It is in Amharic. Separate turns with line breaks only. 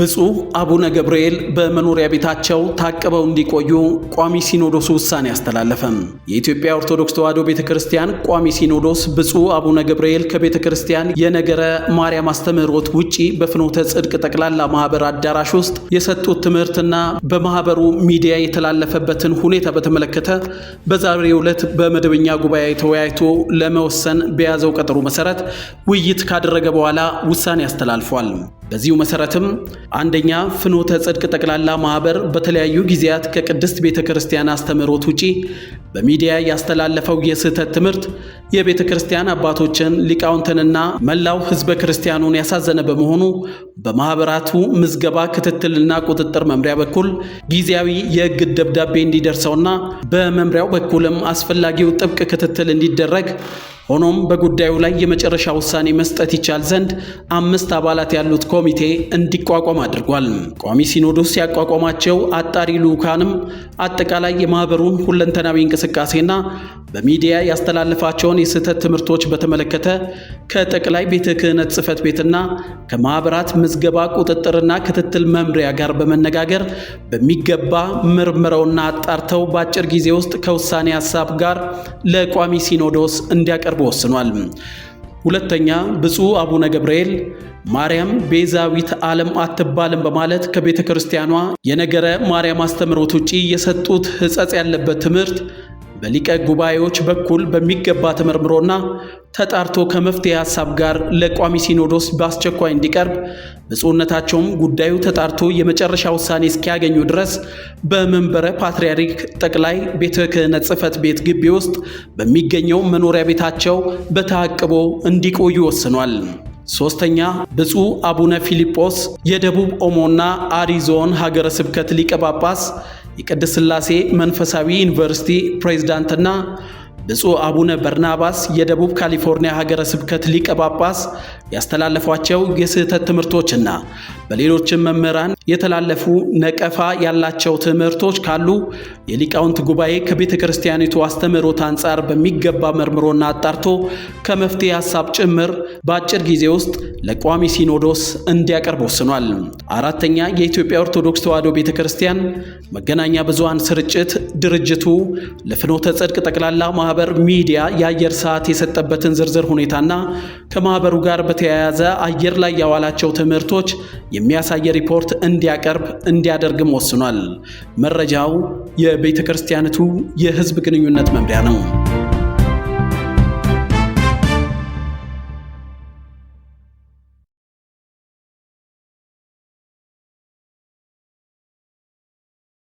ብፁዕ አቡነ ገብርኤል በመኖሪያ ቤታቸው ታቅበው እንዲቆዩ ቋሚ ሲኖዶስ ውሳኔ አስተላለፈም። የኢትዮጵያ ኦርቶዶክስ ተዋሕዶ ቤተ ክርስቲያን ቋሚ ሲኖዶስ ብፁዕ አቡነ ገብርኤል ከቤተ ክርስቲያን የነገረ ማርያም አስተምህሮት ውጪ በፍኖተ ጽድቅ ጠቅላላ ማህበር አዳራሽ ውስጥ የሰጡት ትምህርትና በማህበሩ ሚዲያ የተላለፈበትን ሁኔታ በተመለከተ በዛሬው ዕለት በመደበኛ ጉባኤ ተወያይቶ ለመወሰን በያዘው ቀጠሮ መሰረት ውይይት ካደረገ በኋላ ውሳኔ አስተላልፏል። በዚሁ መሰረትም አንደኛ ፍኖተ ጽድቅ ጠቅላላ ማህበር በተለያዩ ጊዜያት ከቅድስት ቤተ ክርስቲያን አስተምህሮት ውጪ በሚዲያ ያስተላለፈው የስህተት ትምህርት የቤተ ክርስቲያን አባቶችን ሊቃውንትንና መላው ህዝበ ክርስቲያኑን ያሳዘነ በመሆኑ በማኅበራቱ ምዝገባ ክትትልና ቁጥጥር መምሪያ በኩል ጊዜያዊ የእግድ ደብዳቤ እንዲደርሰውና በመምሪያው በኩልም አስፈላጊው ጥብቅ ክትትል እንዲደረግ ሆኖም በጉዳዩ ላይ የመጨረሻ ውሳኔ መስጠት ይቻል ዘንድ አምስት አባላት ያሉት ኮሚቴ እንዲቋቋም አድርጓል። ቋሚ ሲኖዶስ ያቋቋማቸው አጣሪ ልዑካንም አጠቃላይ የማህበሩን ሁለንተናዊ እንቅስቃሴና በሚዲያ ያስተላለፋቸውን የስህተት ትምህርቶች በተመለከተ ከጠቅላይ ቤተ ክህነት ጽሕፈት ቤትና ከማኅበራት ምዝገባ ቁጥጥርና ክትትል መምሪያ ጋር በመነጋገር በሚገባ ምርምረውና አጣርተው በአጭር ጊዜ ውስጥ ከውሳኔ ሀሳብ ጋር ለቋሚ ሲኖዶስ እንዲያቀርቡ እንዲቀርብ ወስኗል። ሁለተኛ ብፁዕ አቡነ ገብርኤል ማርያም ቤዛዊት ዓለም አትባልም በማለት ከቤተ ክርስቲያኗ የነገረ ማርያም አስተምህሮት ውጪ የሰጡት ሕጸጽ ያለበት ትምህርት በሊቀ ጉባኤዎች በኩል በሚገባ ተመርምሮና ተጣርቶ ከመፍትሄ ሀሳብ ጋር ለቋሚ ሲኖዶስ በአስቸኳይ እንዲቀርብ ብፁዕነታቸውም ጉዳዩ ተጣርቶ የመጨረሻ ውሳኔ እስኪያገኙ ድረስ በመንበረ ፓትርያርክ ጠቅላይ ቤተ ክህነት ጽሕፈት ቤት ግቢ ውስጥ በሚገኘው መኖሪያ ቤታቸው በተአቅቦ እንዲቆዩ ወስኗል። ሶስተኛ ብፁዕ አቡነ ፊልጶስ የደቡብ ኦሞና አሪዞን ሀገረ ስብከት ሊቀ ጳጳስ የቅድስት ሥላሴ መንፈሳዊ ዩኒቨርሲቲ ፕሬዝዳንትና ብፁዕ አቡነ በርናባስ የደቡብ ካሊፎርኒያ ሀገረ ስብከት ሊቀ ጳጳስ ያስተላለፏቸው የስህተት ትምህርቶችና በሌሎችም መምህራን የተላለፉ ነቀፋ ያላቸው ትምህርቶች ካሉ የሊቃውንት ጉባኤ ከቤተ ክርስቲያኒቱ አስተምህሮት አንጻር በሚገባ መርምሮና አጣርቶ ከመፍትሄ ሀሳብ ጭምር በአጭር ጊዜ ውስጥ ለቋሚ ሲኖዶስ እንዲያቀርብ ወስኗል። አራተኛ የኢትዮጵያ ኦርቶዶክስ ተዋሕዶ ቤተ ክርስቲያን መገናኛ ብዙሃን ስርጭት ድርጅቱ ለፍኖተ ጽድቅ ጠቅላላ ማህበር ሚዲያ የአየር ሰዓት የሰጠበትን ዝርዝር ሁኔታና ከማህበሩ ጋር በተያያዘ አየር ላይ ያዋላቸው ትምህርቶች የሚያሳየ ሪፖርት እንዲያቀርብ እንዲያደርግም ወስኗል። መረጃው የቤተ ክርስቲያንቱ የህዝብ ግንኙነት መምሪያ ነው።